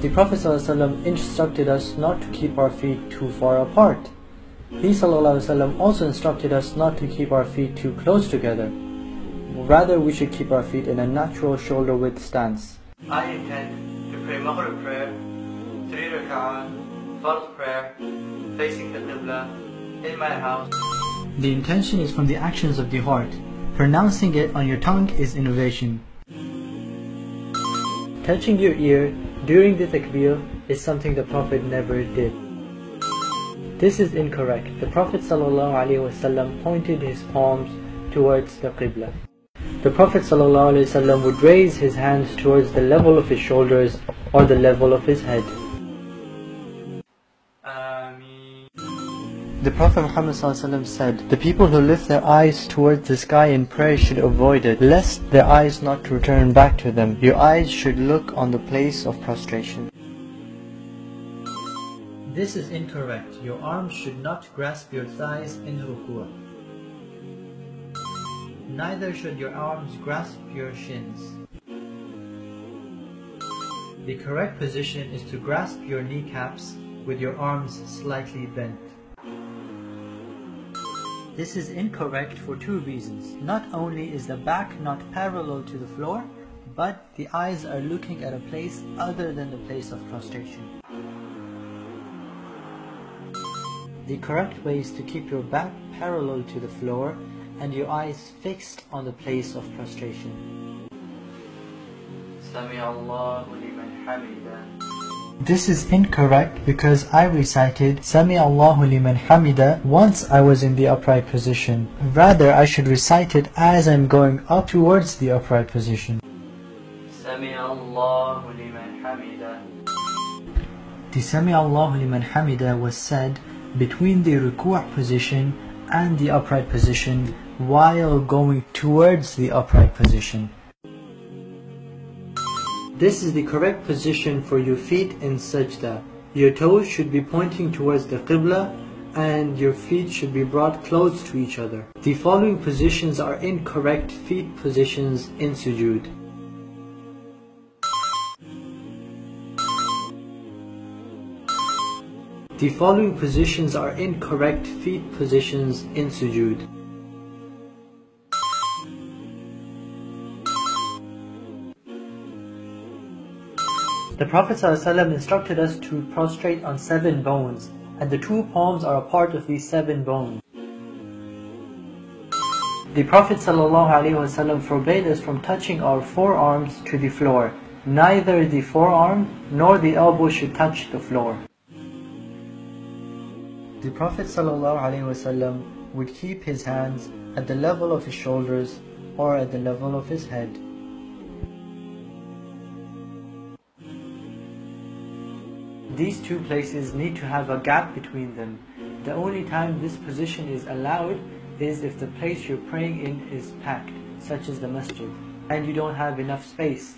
The Prophet ﷺ instructed us not to keep our feet too far apart. He ﷺ also instructed us not to keep our feet too close together. Rather, we should keep our feet in a natural shoulder width stance. I intend to pray Maghrib prayer, three rak'ah, Fard prayer, facing the Qibla, in my house. The intention is from the actions of the heart. Pronouncing it on your tongue is innovation. Touching your ear during the takbir is something the Prophet never did. This is incorrect. The Prophet ﷺ pointed his palms towards the Qibla. The Prophet ﷺ would raise his hands towards the level of his shoulders or the level of his head. The Prophet Muhammad said, The people who lift their eyes towards the sky in prayer should avoid it, lest their eyes not return back to them. Your eyes should look on the place of prostration. This is incorrect. Your arms should not grasp your thighs in ruku'ah. Neither should your arms grasp your shins. The correct position is to grasp your kneecaps with your arms slightly bent. This is incorrect for two reasons. Not only is the back not parallel to the floor, but the eyes are looking at a place other than the place of prostration. The correct way is to keep your back parallel to the floor and your eyes fixed on the place of prostration. This is incorrect because I recited Sami Allahu liman hamida once I was in the upright position. Rather, I should recite it as I'm going up towards the upright position. Sami Allahu liman hamida. The Sami Allahu liman hamida was said between the ruku' position and the upright position while going towards the upright position. This is the correct position for your feet in sajda. Your toes should be pointing towards the qibla and your feet should be brought close to each other. The following positions are incorrect feet positions in sujood. The following positions are incorrect feet positions in sujood. The Prophet ﷺ instructed us to prostrate on seven bones, and the two palms are a part of these seven bones. The Prophet ﷺ forbade us from touching our forearms to the floor. Neither the forearm nor the elbow should touch the floor. The Prophet ﷺ would keep his hands at the level of his shoulders or at the level of his head. these two places need to have a gap between them. The only time this position is allowed is if the place you're praying in is packed, such as the masjid, and you don't have enough space.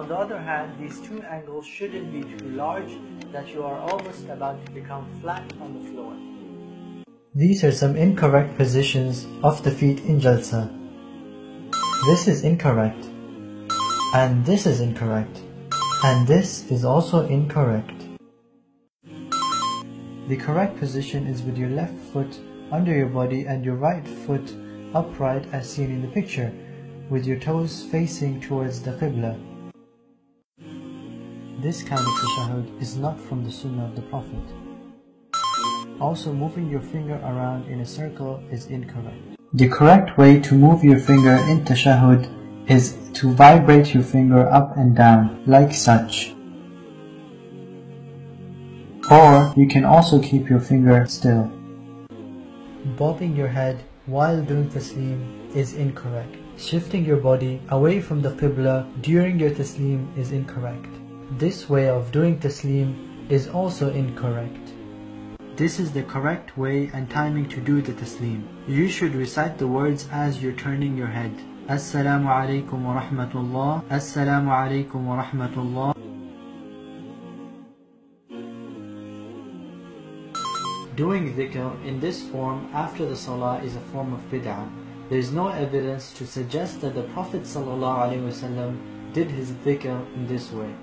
On the other hand, these two angles shouldn't be too large that you are almost about to become flat on the floor. These are some incorrect positions of the feet in Jalsa. This is incorrect. And this is incorrect. And this is also incorrect. The correct position is with your left foot under your body and your right foot upright as seen in the picture, with your toes facing towards the Qibla. This kind of tashahud is not from the Sunnah of the Prophet. Also, moving your finger around in a circle is incorrect. The correct way to move your finger in tashahud is to vibrate your finger up and down like such. Or you can also keep your finger still. Bobbing your head while doing taslim is incorrect. Shifting your body away from the qibla during your taslim is incorrect. This way of doing taslim is also incorrect. This is the correct way and timing to do the taslim. You should recite the words as you're turning your head. السلام عليكم ورحمة الله السلام عليكم ورحمة الله Doing dhikr in this form after the salah is a form of bid'ah. There is no evidence to suggest that the Prophet ﷺ did his dhikr in this way.